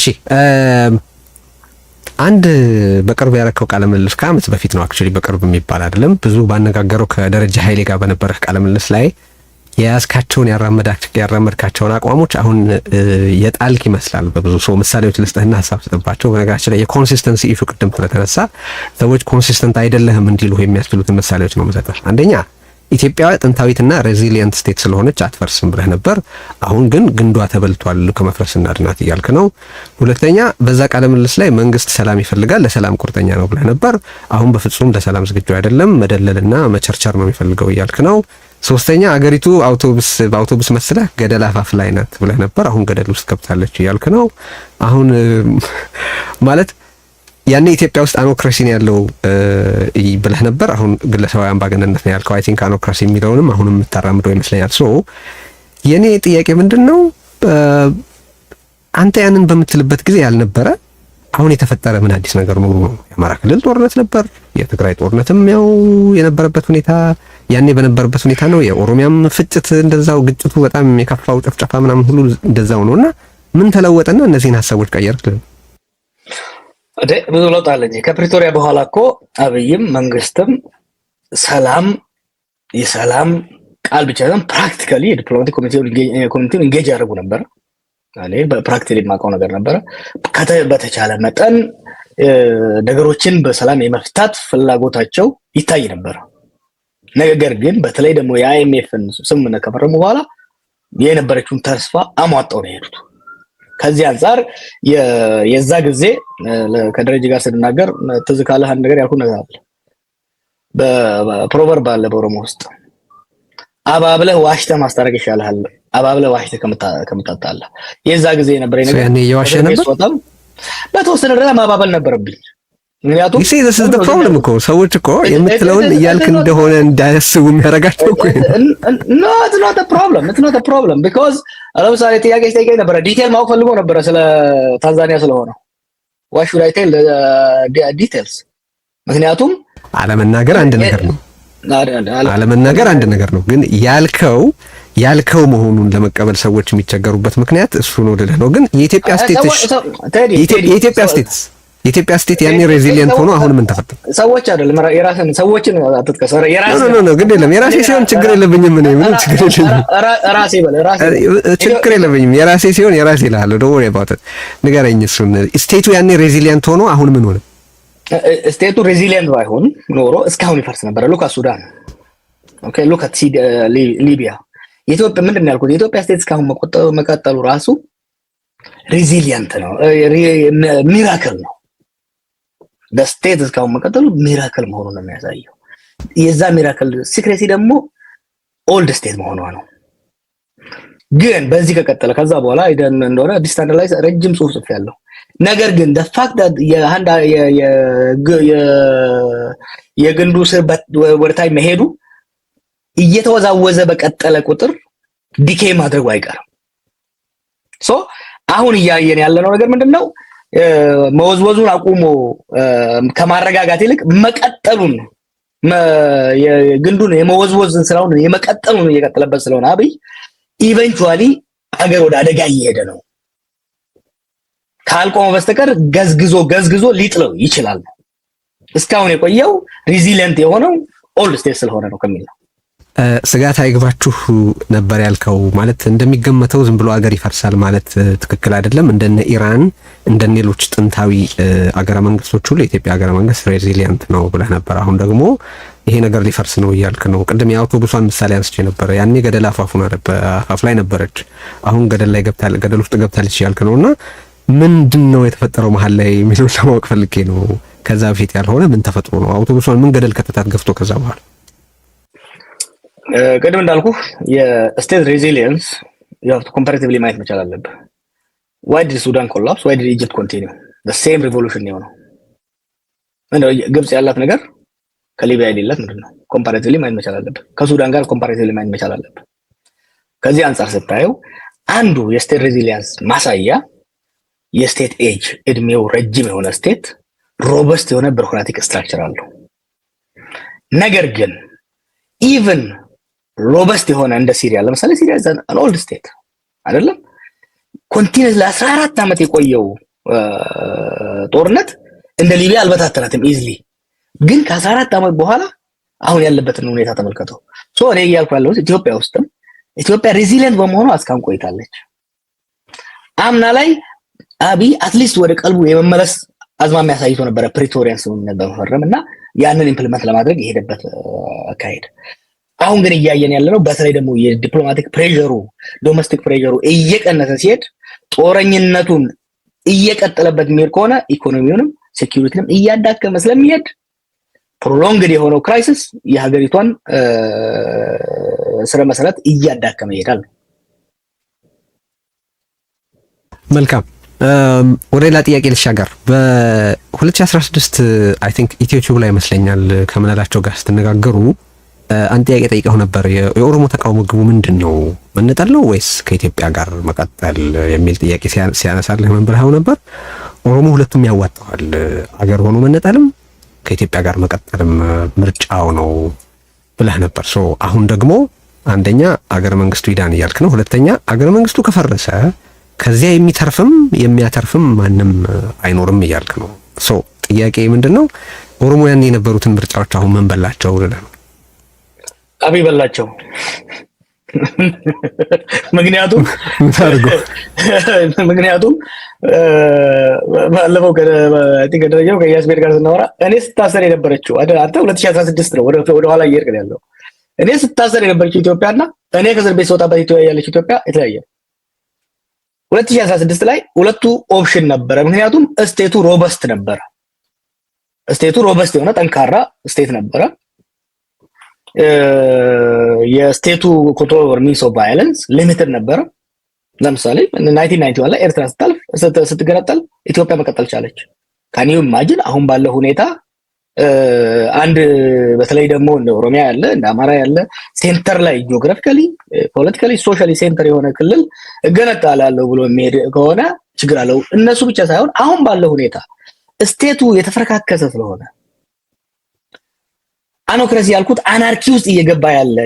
እሺ አንድ በቅርብ ያረከው ቃለ ምልልስ ከአመት በፊት ነው። አክቹሊ በቅርብ የሚባል አይደለም። ብዙ ባነጋገረው ከደረጃ ኃይሌ ጋር በነበረህ ቃለ ምልልስ ላይ የያዝካቸውን ያራመድካቸውን አቋሞች አሁን የጣልክ ይመስላል። በብዙ ሰው ምሳሌዎች ልስጥህና ሀሳብ ስጥባቸው። በነገራችን ላይ የኮንሲስተንሲ ኢሹ ቅድም ስለተነሳ ሰዎች ኮንሲስተንት አይደለህም እንዲሉ የሚያስችሉትን ምሳሌዎች ነው መሰጠር አንደኛ ኢትዮጵያ ጥንታዊትና ሬዚሊየንት ስቴት ስለሆነች አትፈርስም ብለህ ነበር። አሁን ግን ግንዷ ተበልቷል ከመፍረስ እናድናት እያልክ ነው። ሁለተኛ በዛ ቃለ ምልልስ ላይ መንግስት ሰላም ይፈልጋል፣ ለሰላም ቁርጠኛ ነው ብለህ ነበር። አሁን በፍጹም ለሰላም ዝግጁ አይደለም፣ መደለልና መቸርቸር ነው የሚፈልገው እያልክ ነው። ሶስተኛ አገሪቱ አውቶቡስ በአውቶቡስ መስለህ ገደል አፋፍ ላይ ናት ብለህ ነበር። አሁን ገደል ውስጥ ገብታለች እያልክ ነው። አሁን ማለት ያኔ ኢትዮጵያ ውስጥ አኖክራሲን ያለው ብለህ ነበር። አሁን ግለሰባዊ አምባገነንነት ነው ያልከው። አይ ቲንክ አኖክራሲ የሚለውንም አሁንም የምታራምደው ይመስለኛል። ሶ የእኔ ጥያቄ ምንድን ነው አንተ ያንን በምትልበት ጊዜ ያልነበረ አሁን የተፈጠረ ምን አዲስ ነገር ነው? የአማራ ክልል ጦርነት ነበር። የትግራይ ጦርነትም ያው የነበረበት ሁኔታ ያኔ በነበረበት ሁኔታ ነው። የኦሮሚያም ፍጭት እንደዛው፣ ግጭቱ በጣም የከፋው ጨፍጨፋ ምናምን ሁሉ እንደዛው ነውና ምን ተለወጠና እነዚህን ሀሳቦች ቀየርክ? ብዙ ለውጥ አለ እንጂ ከፕሪቶሪያ በኋላ እኮ አብይም መንግስትም ሰላም የሰላም ቃል ብቻ ሳይሆን ፕራክቲካሊ የዲፕሎማቲክ ኮሚኒቲውን ኢንጌጅ ያደርጉ ነበር። እኔ በፕራክቲካሊ የማውቀው ነገር ነበረ። በተቻለ መጠን ነገሮችን በሰላም የመፍታት ፍላጎታቸው ይታይ ነበር። ነገር ግን በተለይ ደግሞ የአይኤምኤፍን ስምምነት ከፈረሙ በኋላ የነበረችውን ተስፋ አሟጣው ነው የሄዱት። ከዚህ አንጻር የዛ ጊዜ ከደረጀ ጋር ስንናገር ትዝ ካለህ አንድ ነገር ያልኩ ነገር አለ። በፕሮቨርብ አለ በኦሮሞ ውስጥ አባብለህ ዋሽተህ ማስታረቅ ይሻልሃል አባብለህ ዋሽተህ ከምታጣላ። የዛ ጊዜ የነበረ ነገር ያኔ የዋሸህ ነበር። በተወሰነ ደረጃ ማባበል ነበረብኝ። ምክንያቱም ፕሮብለም እኮ ሰዎች እኮ የምትለውን እያልክ እንደሆነ እንዳያስቡ የሚያደርጋቸው ፕሮብለም ቢኮዝ ለምሳሌ ጥያቄ ሲጠይቀኝ ነበረ፣ ዲቴል ማወቅ ፈልጎ ነበረ ስለ ታንዛኒያ ስለሆነው ዋይ ሹድ አይ ቴል ዲቴልስ። ምክንያቱም አለመናገር አንድ ነገር ነው፣ አለመናገር አንድ ነገር ነው። ግን ያልከው ያልከው መሆኑን ለመቀበል ሰዎች የሚቸገሩበት ምክንያት እሱ ነው ልልህ ነው። ግን የኢትዮጵያ ስቴትስ uh, የኢትዮጵያ ስቴትስ የኢትዮጵያ ስቴት ያኔ ሬዚሊየንት ሆኖ አሁን ምን ተፈጠረ? ሰዎች አይደለም የራስን ሰዎችን አትጥቀስ። የራስን ነው ነው፣ ግድ የለም የራሴ ሲሆን ችግር የለብኝም። እኔ ምንም ችግር የለብኝም። ራሴ በለ ራሴ ችግር የለብኝም። የራሴ ሲሆን የራሴ ይላል። ዶ ወሬ አባውት ንገረኝ። እሱን ስቴቱ ያኔ ሬዚሊየንት ሆኖ አሁን ምን ሆነ? ስቴቱ ሬዚሊየንት ባይሆን ኖሮ እስካሁን ይፈርስ ነበር። ሉክ አት ሱዳን፣ ኦኬ ሉክ አት ሊቢያ። የኢትዮጵያ ምንድን ነው ያልኩት? የኢትዮጵያ ስቴት እስካሁን መቀጠሉ ራሱ ሬዚሊየንት ነው፣ ሚራክል ነው በስቴት እስካሁን መቀጠሉ ሚራክል መሆኑን ነው የሚያሳየው። የዛ ሚራክል ሲክሬሲ ደግሞ ኦልድ ስቴት መሆኗ ነው። ግን በዚህ ከቀጠለ ከዛ በኋላ እንደሆነ ዲስታንድ ላይ ረጅም ጽሁፍ ጽፍ ያለው ነገር ግን ፋክት የግንዱ ስር ወደ መሄዱ እየተወዛወዘ በቀጠለ ቁጥር ዲኬ ማድረጉ አይቀርም። ሶ አሁን እያየን ያለነው ነገር ምንድን ነው? መወዝወዙን አቁሞ ከማረጋጋት ይልቅ መቀጠሉን ግንዱን የመወዝወዝን ስራውን የመቀጠሉን እየቀጠለበት ስለሆነ አብይ ኢቨንቹዋሊ ሀገር ወደ አደጋ እየሄደ ነው። ካልቆመ በስተቀር ገዝግዞ ገዝግዞ ሊጥለው ይችላል። እስካሁን የቆየው ሪዚሊየንት የሆነው ኦልድ ስቴት ስለሆነ ነው ከሚል ነው። ስጋት አይግባችሁ ነበር ያልከው። ማለት እንደሚገመተው ዝም ብሎ አገር ይፈርሳል ማለት ትክክል አይደለም። እንደነ ኢራን እንደነ ሌሎች ጥንታዊ አገረ መንግስቶች ሁሉ የኢትዮጵያ አገረ መንግስት ሬዚሊየንት ነው ብለህ ነበር። አሁን ደግሞ ይሄ ነገር ሊፈርስ ነው እያልክ ነው። ቅድም የአውቶቡሷን ምሳሌ አንስቼ ነበር። ያኔ ገደል አፋፉና አፋፍ ላይ ነበረች፣ አሁን ገደል ላይ ገብታል፣ ገደል ውስጥ ገብታለች እያልክ ነውና ምንድን ነው የተፈጠረው መሀል ላይ የሚለውን ለማወቅ ፈልጌ ነው። ከዛ በፊት ያልሆነ ምን ተፈጥሮ ነው? አውቶቡሷን ምን ገደል ከተታት ገፍቶ ከዛ በኋላ ቅድም እንዳልኩ የስቴት ሬዚሊየንስ ኮምፓሬቲቭሊ ማየት መቻል አለብህ። ዋይ ዲድ ሱዳን ኮላፕስ ዋይ ዲድ ኢጅፕት ኮንቲኒ ሴም ሪቮሉሽን የሆነው ግብጽ ያላት ነገር ከሊቢያ የሌላት ምንድን ነው? ኮምፓሬቲቭሊ ማየት መቻል አለብህ። ከሱዳን ጋር ኮምፓሬቲቭሊ ማየት መቻል አለብህ። ከዚህ አንጻር ስታየው አንዱ የስቴት ሬዚሊየንስ ማሳያ የስቴት ኤጅ እድሜው ረጅም የሆነ ስቴት ሮበስት የሆነ ቢሮክራቲክ ስትራክቸር አለው። ነገር ግን ኢቨን ሮበስት የሆነ እንደ ሲሪያ ለምሳሌ ሲሪያ ዘን ኦልድ ስቴት አይደለም ኮንቲኒስ ለ14 ዓመት የቆየው ጦርነት እንደ ሊቢያ አልበታተናትም ኢዝሊ። ግን ከ14 ዓመት በኋላ አሁን ያለበትን ሁኔታ ተመልከተው። እኔ እያልኩ ያለሁት ኢትዮጵያ ውስጥም ኢትዮጵያ ሬዚሊየንት በመሆኑ እስካሁን ቆይታለች። አምና ላይ አቢ አትሊስት ወደ ቀልቡ የመመለስ አዝማሚያ አሳይቶ ነበረ ፕሪቶሪያን ስምምነት በመፈረም እና ያንን ኢምፕሊመንት ለማድረግ የሄደበት አካሄድ አሁን ግን እያየን ያለ ነው። በተለይ ደግሞ የዲፕሎማቲክ ፕሬሩ ዶሜስቲክ ፕሬሩ እየቀነሰ ሲሄድ ጦረኝነቱን እየቀጠለበት የሚሄድ ከሆነ ኢኮኖሚውንም ሴኪሪቲንም እያዳከመ ስለሚሄድ ፕሮሎንግድ የሆነው ክራይሲስ የሀገሪቷን ስረ መሰረት እያዳከመ ይሄዳል። መልካም ወደ ሌላ ጥያቄ ልሻገር። በ2016 አይ ቲንክ ኢትዮቹብ ላይ ይመስለኛል ከመላላቸው ጋር ስትነጋገሩ አንድ ጥያቄ ጠይቀው ነበር። የኦሮሞ ተቃውሞ ግቡ ምንድን ነው? መነጠል ነው ወይስ ከኢትዮጵያ ጋር መቀጠል የሚል ጥያቄ ሲያነሳልህ መንበርሃው ነበር። ኦሮሞ ሁለቱም ያዋጣዋል። አገር ሆኖ መነጠልም ከኢትዮጵያ ጋር መቀጠልም ምርጫው ነው ብለህ ነበር። ሶ አሁን ደግሞ አንደኛ አገር መንግስቱ ይዳን እያልክ ነው። ሁለተኛ አገር መንግስቱ ከፈረሰ ከዚያ የሚተርፍም የሚያተርፍም ማንም አይኖርም እያልክ ነው። ሶ ጥያቄ ምንድን ነው? ኦሮሞ ያን የነበሩትን ምርጫዎች አሁን ምን በላቸው ነው። አቢ በላቸው። ምክንያቱም ምክንያቱም ባለፈው ከደረጃው ቤት ጋር ስናወራ እኔ ስታሰር የነበረችው አንተ 2016 ነው ወደኋላ እየሄድክ ያለው እኔ ስታሰር የነበረችው ኢትዮጵያ እና እኔ ከእስር ቤት ስወጣበት ኢትዮጵያ ያለች ኢትዮጵያ የተለያየ 2016 ላይ ሁለቱ ኦፕሽን ነበረ። ምክንያቱም እስቴቱ ሮበስት ነበረ። እስቴቱ ሮበስት የሆነ ጠንካራ ስቴት ነበረ። የስቴቱ ኮንትሮል ኦቨር ሚንስ ኦፍ ቫይለንስ ሊሚትድ ነበረ። ለምሳሌ ናይንቲን ላይ ኤርትራ ስታልፍ ስትገነጠል ኢትዮጵያ መቀጠል ቻለች። ከኒው አሁን ባለው ሁኔታ አንድ በተለይ ደግሞ እንደ ኦሮሚያ ያለ እንደ አማራ ያለ ሴንተር ላይ ጂኦግራፊካሊ፣ ፖለቲካሊ፣ ሶሻሊ ሴንተር የሆነ ክልል እገነጣላለሁ ብሎ የሚሄድ ከሆነ ችግር አለው። እነሱ ብቻ ሳይሆን አሁን ባለው ሁኔታ ስቴቱ የተፈረካከሰ ስለሆነ አኖክረሲ ያልኩት አናርኪ ውስጥ እየገባ ያለ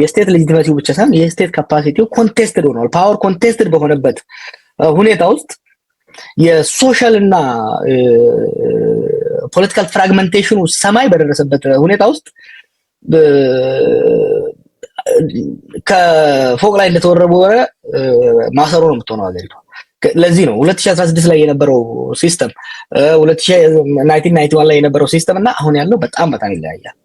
የስቴት ሌጂቲመሲው ብቻ ሳይሆን የስቴት ካፓሲቲው ኮንቴስትድ ሆኗል። ፓወር ኮንቴስትድ በሆነበት ሁኔታ ውስጥ የሶሻል እና ፖለቲካል ፍራግመንቴሽኑ ሰማይ በደረሰበት ሁኔታ ውስጥ ከፎቅ ላይ እንደተወረወረ ማሰሮ ነው የምትሆነው ሀገሪቷ። ለዚህ ነው 2016 ላይ የነበረው ሲስተም 1991 ላይ የነበረው ሲስተም እና አሁን ያለው በጣም በጣም ይለያያል።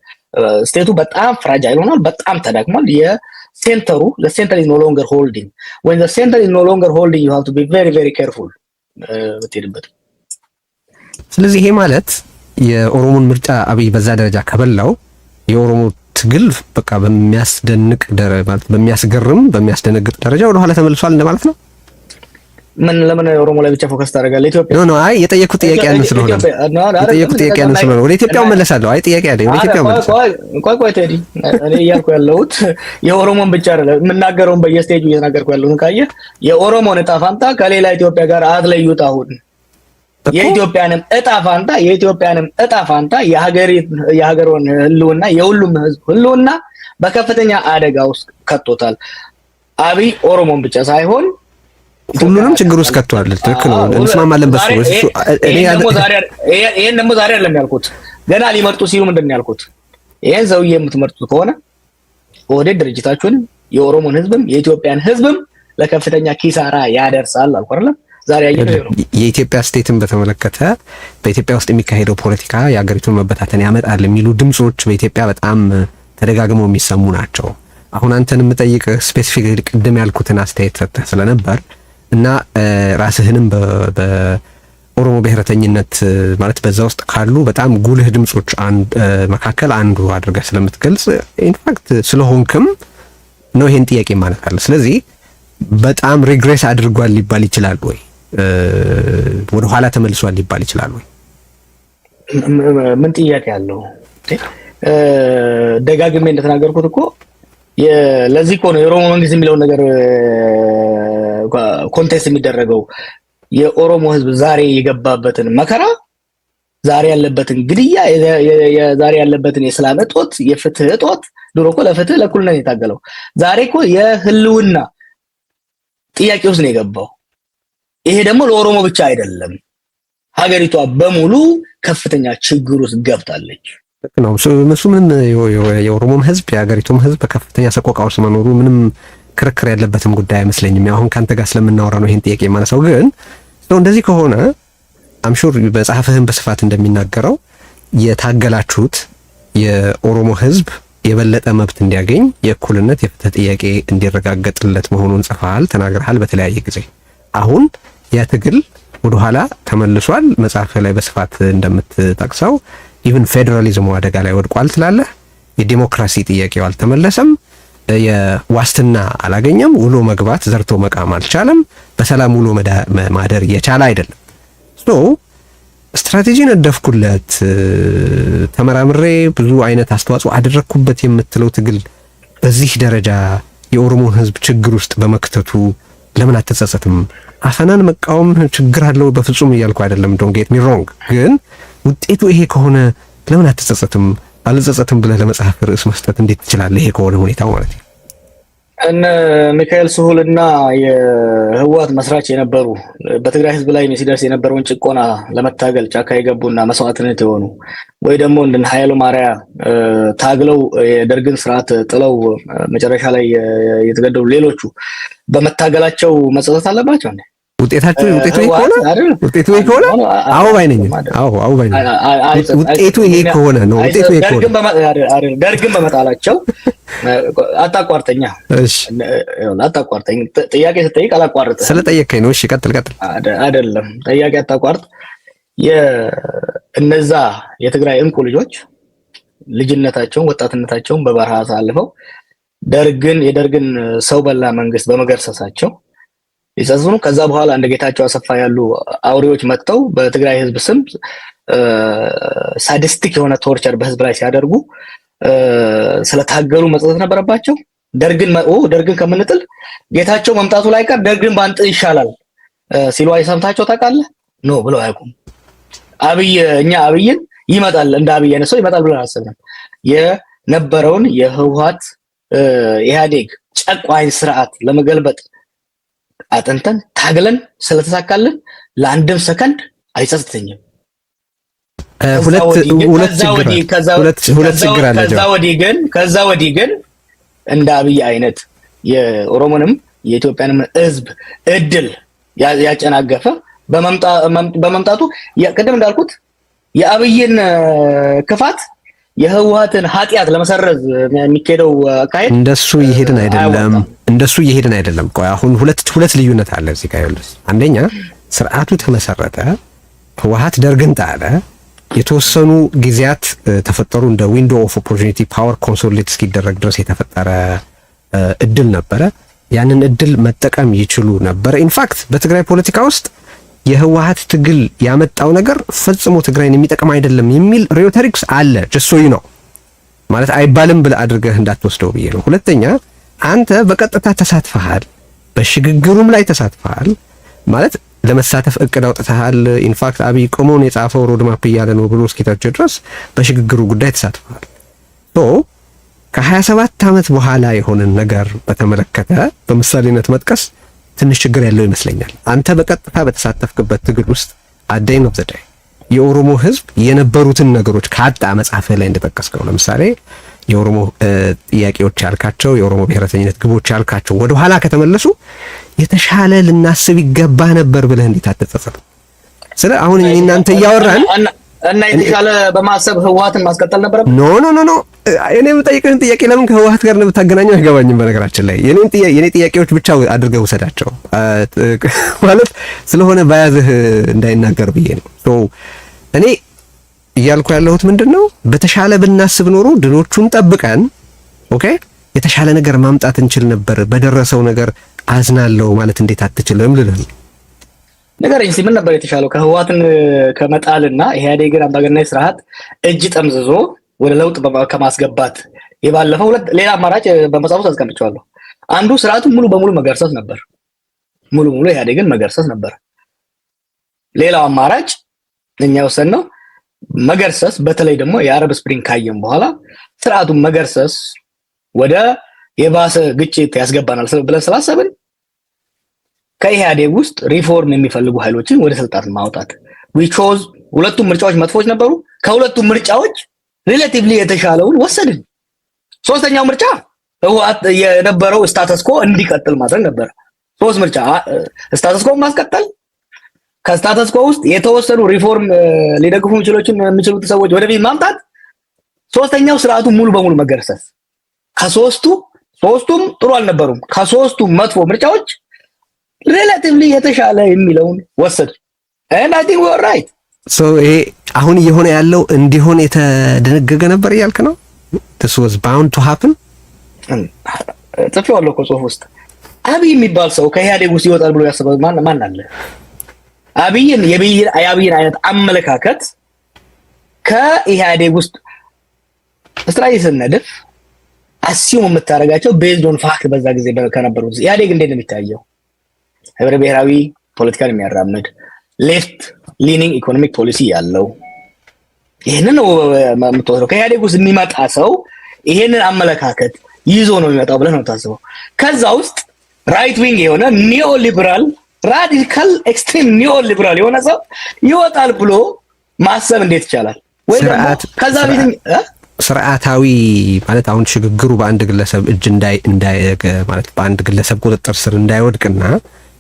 ስቴቱ በጣም ፍራጃይል ሆኗል። በጣም ተዳክሟል። የሴንተሩ ሴንተር ኢዝ ኖ ሎንገር ሆልዲንግ ወን ሴንተር ኢዝ ኖ ሎንገር ሆልዲንግ ዩ ሃቭ ቱ ቢ ቬሪ ቬሪ ኬርፉል ብትሄድበት። ስለዚህ ይሄ ማለት የኦሮሞን ምርጫ አብይ በዛ ደረጃ ከበላው የኦሮሞ ትግል በቃ በሚያስደንቅ ማለት በሚያስገርም በሚያስደነግጥ ደረጃ ወደኋላ ተመልሷል እንደማለት ነው። ምን ለምን ኦሮሞ ላይ ብቻ ፎከስ ታደርጋለህ? ኢትዮጵያ ኖ ኖ አይ የጠየኩት ጥያቄ ያንን ስለሆነ የጠየኩት ጥያቄ ያንን ስለሆነ ወደ ኢትዮጵያ መለሳለሁ። አይ ጥያቄ አለኝ፣ ወደ ኢትዮጵያ መለሳለሁ። ቆይ ቆይ ቴዲ፣ እኔ እያልኩ ያለሁት የኦሮሞን ብቻ አይደለም የምናገረውን በየስቴጁ እየተናገርኩ ያለሁን ካየህ የኦሮሞን እጣ ፋንታ ከሌላ ኢትዮጵያ ጋር አትለዩት። አሁን የኢትዮጵያንም እጣ ፋንታ የኢትዮጵያንም እጣ ፋንታ የሀገርን ህልውና የሁሉም ህዝብ ህልውና በከፍተኛ አደጋ ውስጥ ከቶታል። አብይ ኦሮሞን ብቻ ሳይሆን ሁሉንም ችግር ውስጥ ከቷል። ትክክ ነው፣ እንስማማለን በሱ። ይሄን ደግሞ ዛሬ አይደለም ያልኩት፣ ገና ሊመርጡ ሲሉ ምንድን ነው ያልኩት? ይሄን ሰውዬ የምትመርጡት ከሆነ ኦህዴድ ድርጅታችን የኦሮሞን ህዝብም የኢትዮጵያን ህዝብም ለከፍተኛ ኪሳራ ያደርሳል አልኩ አይደለም። የኢትዮጵያ ስቴትን በተመለከተ በኢትዮጵያ ውስጥ የሚካሄደው ፖለቲካ የሀገሪቱን መበታተን ያመጣል የሚሉ ድምጾች በኢትዮጵያ በጣም ተደጋግመው የሚሰሙ ናቸው። አሁን አንተን የምጠይቅህ ስፔሲፊክ ቅድም ያልኩትን አስተያየት ሰጥተህ ስለነበር እና ራስህንም በኦሮሞ ብሔረተኝነት ማለት በዛ ውስጥ ካሉ በጣም ጉልህ ድምጾች መካከል አንዱ አድርገህ ስለምትገልጽ ኢንፋክት ስለሆንክም ነው ይሄን ጥያቄ አለ። ስለዚህ በጣም ሪግሬስ አድርጓል ሊባል ይችላል ወይ ወደ ኋላ ተመልሷል ሊባል ይችላል ወይ? ምን ጥያቄ አለው? ደጋግሜ እንደተናገርኩት እኮ ለዚህ እኮ ነው የኦሮሞ መንግስት የሚለውን ነገር ኮንቴስት የሚደረገው የኦሮሞ ህዝብ ዛሬ የገባበትን መከራ ዛሬ ያለበትን ግድያ ዛሬ ያለበትን የሰላም እጦት፣ የፍትህ እጦት ድሮ እኮ ለፍትህ ለእኩልነት የታገለው ዛሬ እኮ የህልውና ጥያቄ ውስጥ ነው የገባው። ይሄ ደግሞ ለኦሮሞ ብቻ አይደለም፣ ሀገሪቷ በሙሉ ከፍተኛ ችግር ውስጥ ገብታለች። ነው እሱ ምንም የኦሮሞም ህዝብ የሀገሪቱም ህዝብ በከፍተኛ ሰቆቃ ውስጥ መኖሩ ምንም ክርክር ያለበትም ጉዳይ አይመስለኝም። ያው አሁን ካንተ ጋር ስለምናወራ ነው ይሄን ጥያቄ የማነሳው። ግን ሰው እንደዚህ ከሆነ አምሹር መጽሐፍህን በስፋት እንደሚናገረው የታገላችሁት የኦሮሞ ህዝብ የበለጠ መብት እንዲያገኝ የእኩልነት የፍትህ ጥያቄ እንዲረጋገጥለት መሆኑን ጽፈሃል፣ ተናግረሃል በተለያየ ጊዜ። አሁን ያ ትግል ወደኋላ ተመልሷል። መጽሐፍ ላይ በስፋት እንደምትጠቅሰው ኢቭን ፌዴራሊዝሙ አደጋ ላይ ወድቋል ትላለህ። የዲሞክራሲ ጥያቄው አልተመለሰም። የዋስትና አላገኘም። ውሎ መግባት ዘርቶ መቃም አልቻለም። በሰላም ውሎ ማደር እየቻለ አይደለም። ሶ ስትራቴጂ ነደፍኩለት፣ ተመራምሬ ብዙ አይነት አስተዋጽኦ አደረግኩበት የምትለው ትግል በዚህ ደረጃ የኦሮሞን ህዝብ ችግር ውስጥ በመክተቱ ለምን አትጸጸትም? አፈናን መቃወም ችግር አለው በፍጹም እያልኩ አይደለም። ዶንጌት ሚሮንግ ግን ውጤቱ ይሄ ከሆነ ለምን አትጸጸትም? አልጸጸትም ብለህ ለመጽሐፍ ርዕስ መስጠት እንዴት ትችላለህ? ይሄ ከሆነ ሁኔታው ማለት ነው። እነ ሚካኤል ስሁል እና የህወሓት መስራች የነበሩ በትግራይ ህዝብ ላይ ሲደርስ የነበረውን ጭቆና ለመታገል ጫካ የገቡና መስዋዕትነት የሆኑ ወይ ደግሞ እንደ ኃይሉ ማርያ ታግለው የደርግን ስርዓት ጥለው መጨረሻ ላይ የተገደሉ ሌሎቹ በመታገላቸው መጸጸት አለባቸው። ውጤታችሁ ውጤቱ ይሄ ከሆነ ውጤቱ ይሄ ከሆነ አዎ ባይ አዎ አዎ ባይ ውጤቱ ይሄ ከሆነ ነው። ውጤቱ ይሄ ከሆነ ደርግን በመጣላቸው አታቋርጠኛ። እሺ አታቋርጠኝ። ጥያቄ ስጠይቅ አላቋርጥም ስለጠየቀኝ ነው። እሺ ቀጥል ቀጥል። አይደለም ጥያቄ አታቋርጥ። የእነዛ የትግራይ እንቁ ልጆች ልጅነታቸውን ወጣትነታቸውን በበረሃ አሳልፈው ደርግን የደርግን ሰው በላ መንግስት በመገርሰሳቸው ሲሰዝኑ ከዛ በኋላ እንደ ጌታቸው አሰፋ ያሉ አውሬዎች መጥተው በትግራይ ህዝብ ስም ሳዲስቲክ የሆነ ቶርቸር በህዝብ ላይ ሲያደርጉ ስለታገሉ መጸጸት ነበረባቸው። ደርግን ደርግን ከምንጥል ጌታቸው መምጣቱ ላይ ቀር ደርግን ባንጥል ይሻላል ሲሉ አይሰምታቸው ታውቃለህ? ኖ ብለው አያውቁም። አብይ እኛ አብይን ይመጣል እንደ አብይ አይነት ሰው ይመጣል ብለን አላሰብንም። የነበረውን የህወሓት ኢህአዴግ ጨቋኝ ስርዓት ለመገልበጥ አጥንተን ታግለን ስለተሳካልን ለአንድም ሰከንድ አይጸጽተኝም። ከዛ ወዲህ ግን እንደ አብይ አይነት የኦሮሞንም የኢትዮጵያንም ህዝብ እድል ያጨናገፈ በመምጣቱ ቅድም እንዳልኩት የአብይን ክፋት የህወሀትን ኃጢአት ለመሰረዝ የሚካሄደው አካሄድ እንደሱ እየሄድን አይደለም። እንደሱ እየሄድን አይደለም። ቆይ አሁን ሁለት ሁለት ልዩነት አለ እዚህ ጋር ያሉት። አንደኛ ስርዓቱ ተመሰረተ፣ ህወሀት ደርግን ጣለ፣ የተወሰኑ ጊዜያት ተፈጠሩ። እንደ ዊንዶ ኦፍ ኦፖርቹኒቲ ፓወር ኮንሶሊዴት እስኪደረግ ድረስ የተፈጠረ እድል ነበረ። ያንን እድል መጠቀም ይችሉ ነበረ። ኢንፋክት በትግራይ ፖለቲካ ውስጥ የህወሀት ትግል ያመጣው ነገር ፈጽሞ ትግራይን የሚጠቅም አይደለም የሚል ሪዮተሪክስ አለ። ጀሶይ ነው ማለት አይባልም ብለህ አድርገህ እንዳትወስደው ብዬ ነው። ሁለተኛ አንተ በቀጥታ ተሳትፈሃል፣ በሽግግሩም ላይ ተሳትፈሃል ማለት ለመሳተፍ እቅድ አውጥተሃል። ኢንፋክት አብይ ቆሞን የጻፈው ሮድማፕ እያለ ነው ብሎ እስኪታቸው ድረስ በሽግግሩ ጉዳይ ተሳትፈሃል። ከ27 ዓመት በኋላ የሆነን ነገር በተመለከተ በምሳሌነት መጥቀስ ትንሽ ችግር ያለው ይመስለኛል። አንተ በቀጥታ በተሳተፍክበት ትግል ውስጥ አደኝ ነው ዘዳይ የኦሮሞ ህዝብ የነበሩትን ነገሮች ካጣ መጽሐፍህ ላይ እንደጠቀስከው ለምሳሌ የኦሮሞ ጥያቄዎች ያልካቸው የኦሮሞ ብሔረተኝነት ግቦች ያልካቸው ወደኋላ ከተመለሱ የተሻለ ልናስብ ይገባ ነበር ብለህ እንዴት አትጸጸትም? ስለ አሁን እናንተ እያወራን እና የተሻለ በማሰብ ህወሀትን ማስቀጠል ነበረብህ። ኖ ኖ ኖ ኖ እኔ የምጠይቅህን ጥያቄ ለምን ከህወሀት ጋር እንደምታገናኘው አይገባኝም። በነገራችን ላይ የኔ ጥያቄዎች ብቻ አድርገህ ውሰዳቸው ማለት ስለሆነ በያዝህ እንዳይናገር ብዬ ነው። እኔ እያልኩ ያለሁት ምንድን ነው፣ በተሻለ ብናስብ ኖሮ ድሎቹን ጠብቀን ኦኬ፣ የተሻለ ነገር ማምጣት እንችል ነበር። በደረሰው ነገር አዝናለሁ ማለት እንዴት አትችልም ልልህ ነው ንገረኝ እስኪ ምን ነበር የተሻለው ከህዋትን ከመጣልና ኢህአዴግን አምባገነናዊ ስርዓት እጅ ጠምዝዞ ወደ ለውጥ ከማስገባት የባለፈው ሁለት ሌላ አማራጭ በመጽሐፉ አስቀምጨዋለሁ። አንዱ ስርዓቱን ሙሉ በሙሉ መገርሰስ ነበር፣ ሙሉ ሙሉ ኢህአዴግን መገርሰስ ነበር። ሌላው አማራጭ እኛ የወሰንነው መገርሰስ፣ በተለይ ደግሞ የአረብ ስፕሪንግ ካየም በኋላ ስርዓቱን መገርሰስ ወደ የባሰ ግጭት ያስገባናል ብለን ስላሰብን ከኢህአዴግ ውስጥ ሪፎርም የሚፈልጉ ኃይሎችን ወደ ስልጣን ማውጣት ዊቾዝ ሁለቱም ምርጫዎች መጥፎች ነበሩ። ከሁለቱም ምርጫዎች ሪሌቲቭሊ የተሻለውን ወሰድን። ሶስተኛው ምርጫ ህወሓት የነበረው ስታተስኮ እንዲቀጥል ማድረግ ነበረ። ሶስት ምርጫ ስታተስኮ ማስቀጠል፣ ከስታተስኮ ውስጥ የተወሰኑ ሪፎርም ሊደግፉ የሚችሉት ሰዎች ወደፊት ማምጣት፣ ሶስተኛው ስርዓቱ ሙሉ በሙሉ መገረሰስ። ከሶስቱ ሶስቱም ጥሩ አልነበሩም። ከሶስቱ መጥፎ ምርጫዎች ሬላቲቭሊ የተሻለ የሚለውን ወሰድ and i think we were right so ይሄ አሁን እየሆነ ያለው እንዲሆን የተደነገገ ነበር እያልክ ነው this was bound to happen uh, ጽፌዋለሁ እኮ ጽሑፍ ውስጥ አብይ የሚባል ሰው ከኢህአዴግ ውስጥ ይወጣል ብሎ ያስባል ማን ማን አለ አብይን የአብይን አይነት አመለካከት ከኢህአዴግ ውስጥ ስትራቴጂ ስነድፍ አሲሙ የምታደርጋቸው ቤዝድ ኦን ፋክት በዛ ጊዜ ከነበሩት ኢህአዴግ እንዴት ነው የሚታየው ህብረ ብሔራዊ ፖለቲካን የሚያራምድ ሌፍት ሊኒንግ ኢኮኖሚክ ፖሊሲ ያለው ይህንን ነው የምትወስደው። ከኢህአዴግ ውስጥ የሚመጣ ሰው ይሄንን አመለካከት ይዞ ነው የሚመጣው ብለህ ነው የምታስበው። ከዛ ውስጥ ራይት ዊንግ የሆነ ኒኦ ሊበራል ራዲካል ኤክስትሪም ኒኦ ሊበራል የሆነ ሰው ይወጣል ብሎ ማሰብ እንዴት ይቻላል? ከዛ ቤት ስርዓታዊ ማለት አሁን ሽግግሩ በአንድ ግለሰብ እጅ እንዳይ ማለት በአንድ ግለሰብ ቁጥጥር ስር እንዳይወድቅና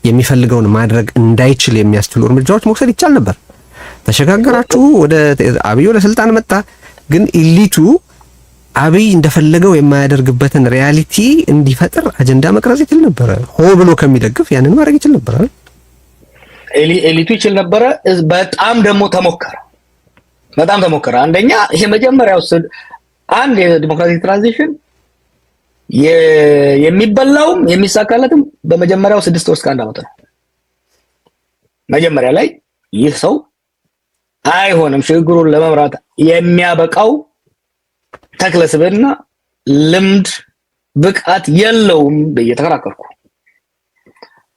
የሚፈልገውን ማድረግ እንዳይችል የሚያስችሉ እርምጃዎች መውሰድ ይቻል ነበር። ተሸጋገራችሁ፣ ወደ አብይ ወደ ስልጣን መጣ። ግን ኢሊቱ አብይ እንደፈለገው የማያደርግበትን ሪያሊቲ እንዲፈጥር አጀንዳ መቅረጽ ይችል ነበረ። ሆ ብሎ ከሚደግፍ ያንን ማድረግ ይችል ነበረ። ኤሊቱ ይችል ነበረ። በጣም ደግሞ ተሞከረ፣ በጣም ተሞከረ። አንደኛ ይሄ ውስድ አንድ የዲሞክራቲክ ትራንዚሽን የሚበላውም የሚሳካለትም በመጀመሪያው ስድስት ወር እስከ አንድ ነው። መጀመሪያ ላይ ይህ ሰው አይሆንም ሽግግሩን ለመምራት የሚያበቃው ተክለ ስብዕና፣ ልምድ፣ ብቃት የለውም ብዬ ተከራከርኩ።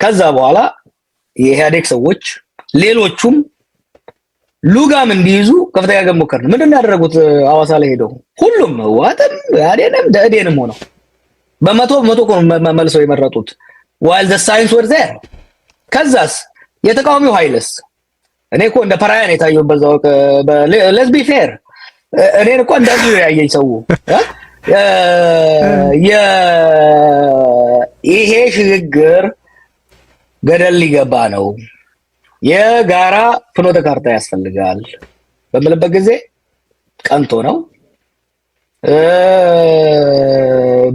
ከዛ በኋላ የኢህአዴግ ሰዎች ሌሎቹም ሉጋም እንዲይዙ ከፍተኛ ገብ ሞከርን። ምንድን ያደረጉት? ሐዋሳ ላይ ሄደው ሁሉም ህወሓትም ኢህአዴንም ደኢህዴንም ሆነው በመቶ በመቶ እኮ ነው መልሰው የመረጡት። ዋይል ዘ ሳይንስ ወር ዜር። ከዛስ የተቃዋሚው ኃይልስ? እኔ እኮ እንደ ፓራያ ነው የታየው በዛው። ሌትስ ቢ ፌር እኔን እኮ እንደዚህ ያየኝ ሰው። ይሄ ሽግግር ገደል ሊገባ ነው፣ የጋራ ፍኖተ ካርታ ያስፈልጋል በምልበት ጊዜ ቀንቶ ነው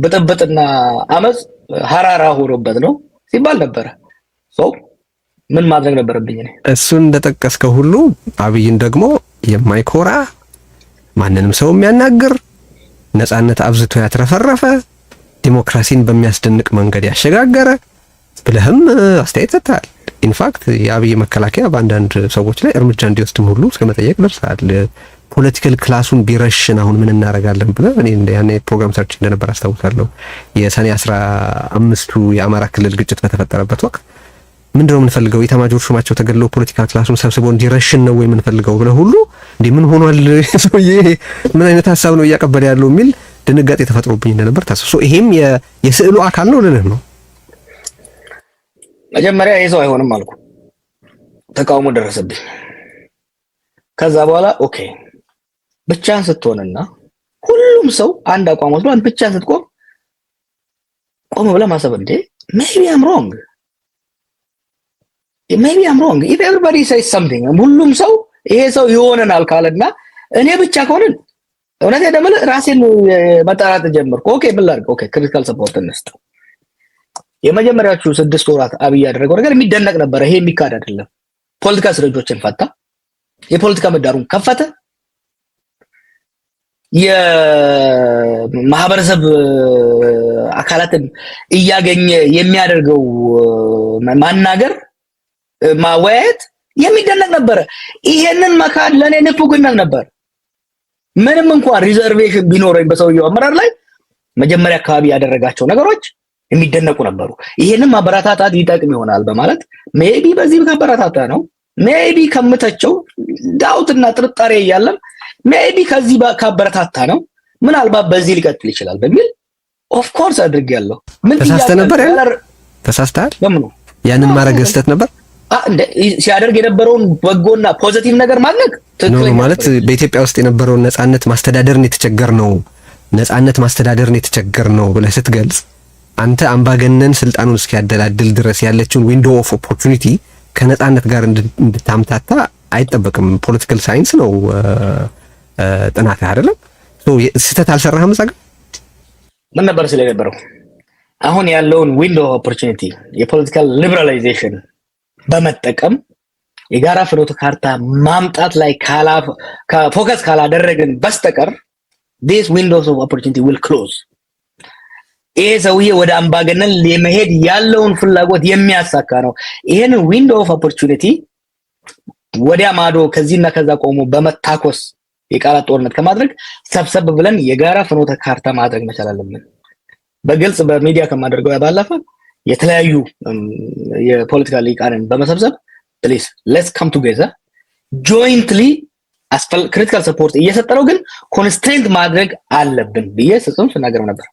ብጥብጥና አመፅ ሀራራ ሆኖበት ነው ሲባል ነበረ። ሰው ምን ማድረግ ነበረብኝ? እሱን እንደጠቀስከው ሁሉ አብይን ደግሞ የማይኮራ ማንንም ሰው የሚያናግር ነጻነት አብዝቶ ያትረፈረፈ ዲሞክራሲን በሚያስደንቅ መንገድ ያሸጋገረ ብለህም አስተያየት ሰጥተሃል። ኢንፋክት የአብይ መከላከያ በአንዳንድ ሰዎች ላይ እርምጃ እንዲወስድም ሁሉ እስከ መጠየቅ ደርሰሃል። ፖለቲካል ክላሱን ቢረሽን አሁን ምን እናደርጋለን ብለ እኔ ያኔ ፕሮግራም ሰርች እንደነበር አስታውሳለሁ። የሰኔ አስራ አምስቱ የአማራ ክልል ግጭት በተፈጠረበት ወቅት ምንድነው የምንፈልገው? የኤታማዦር ሹማቸው ተገድለው ፖለቲካ ክላሱን ሰብስቦ እንዲረሽን ነው ወይ የምንፈልገው ብለ ሁሉ እንዴ ምን ሆኗል ሰውዬ ምን አይነት ሀሳብ ነው እያቀበለ ያለው የሚል ድንጋጤ ተፈጥሮብኝ እንደነበር ታስሶ ይሄም የስዕሉ አካል ነው ልልህ ነው። መጀመሪያ ይሄ ሰው አይሆንም አልኩ፣ ተቃውሞ ደረሰብኝ። ከዛ በኋላ ኦኬ ብቻን ስትሆንና ሁሉም ሰው አንድ አቋም አንድ ብቻህን ስትቆም ቆም ብለህ ማሰብ እንዴ ሜቢ አም ሮንግ ሜቢ አም ሮንግ ኢፍ ኤቨሪባዲ ሴይስ ሰምቲንግ ሁሉም ሰው ይሄ ሰው ይሆነናል ካለና እኔ ብቻ ከሆንን እውነት ደምል ራሴን መጠራት ጀመርኩ። ኦኬ ምን ላድርግ? ኦኬ ክሪቲካል ሰፖርት እንስጥ። የመጀመሪያዎቹ ስድስት ወራት አብይ ያደረገው ነገር የሚደነቅ ነበረ። ይሄ የሚካድ አይደለም። ፖለቲካ እስረኞችን ፈታ፣ የፖለቲካ ምህዳሩን ከፈተ። የማህበረሰብ አካላትን እያገኘ የሚያደርገው ማናገር ማወያየት የሚደነቅ ነበረ። ይሄንን መካድ ለእኔ ንፍ ነበር። ምንም እንኳን ሪዘርቬሽን ቢኖረኝ በሰውየው አመራር ላይ መጀመሪያ አካባቢ ያደረጋቸው ነገሮች የሚደነቁ ነበሩ። ይሄንን ማበረታታት ይጠቅም ይሆናል በማለት ቢ በዚህ ካበረታታ ነው ቢ ከምተቸው ዳውትና ጥርጣሬ እያለም ሜቢ ከዚህ ካበረታታ ነው ምናልባት በዚህ ሊቀጥል ይችላል በሚል ኦፍኮርስ ያለው ምን ተሳስተ ነበር ያለው ተሳስተሃል። ለምን ያንን ማድረግ ስህተት ነበር ሲያደርግ የነበረውን በጎና ፖዘቲቭ ነገር ማድረግ ማለት በኢትዮጵያ ውስጥ የነበረውን ነጻነት ማስተዳደርን የተቸገር ነው ነጻነት ማስተዳደርን የተቸገር ነው ብለህ ስትገልጽ አንተ አምባገነን ስልጣኑን እስኪያደላድል ድረስ ያለችውን ዊንዶ ኦፍ ኦፖርቹኒቲ ከነጻነት ጋር እንድታምታታ አይጠበቅም። ፖለቲካል ሳይንስ ነው ጥናት አይደለም ስህተት አልሰራህም። እዛ ምን ነበር ስለ ነበረው አሁን ያለውን ዊንዶ ኦፖርቹኒቲ የፖለቲካል ሊበራላይዜሽን በመጠቀም የጋራ ፍኖተ ካርታ ማምጣት ላይ ፎከስ ካላደረግን በስተቀር ዲስ ዊንዶስ ኦፍ ኦፖርቹኒቲ ዊል ክሎዝ። ይሄ ሰውዬ ወደ አምባገነን የመሄድ ያለውን ፍላጎት የሚያሳካ ነው። ይህንን ዊንዶ ኦፍ ኦፖርቹኒቲ ወዲያ ማዶ ከዚህና ከዛ ቆሞ በመታኮስ የቃላት ጦርነት ከማድረግ ሰብሰብ ብለን የጋራ ፍኖተ ካርታ ማድረግ መቻል አለብን። በግልጽ በሚዲያ ከማድረገው ባለፈ የተለያዩ የፖለቲካ ሊቃንን በመሰብሰብ ፕሊስ ሌትስ ካም ቱጌዘር ጆይንትሊ ክሪቲካል ሰፖርት እየሰጠነው ግን ኮንስትሬንት ማድረግ አለብን ብዬ ስጽም ስናገረው ነበር።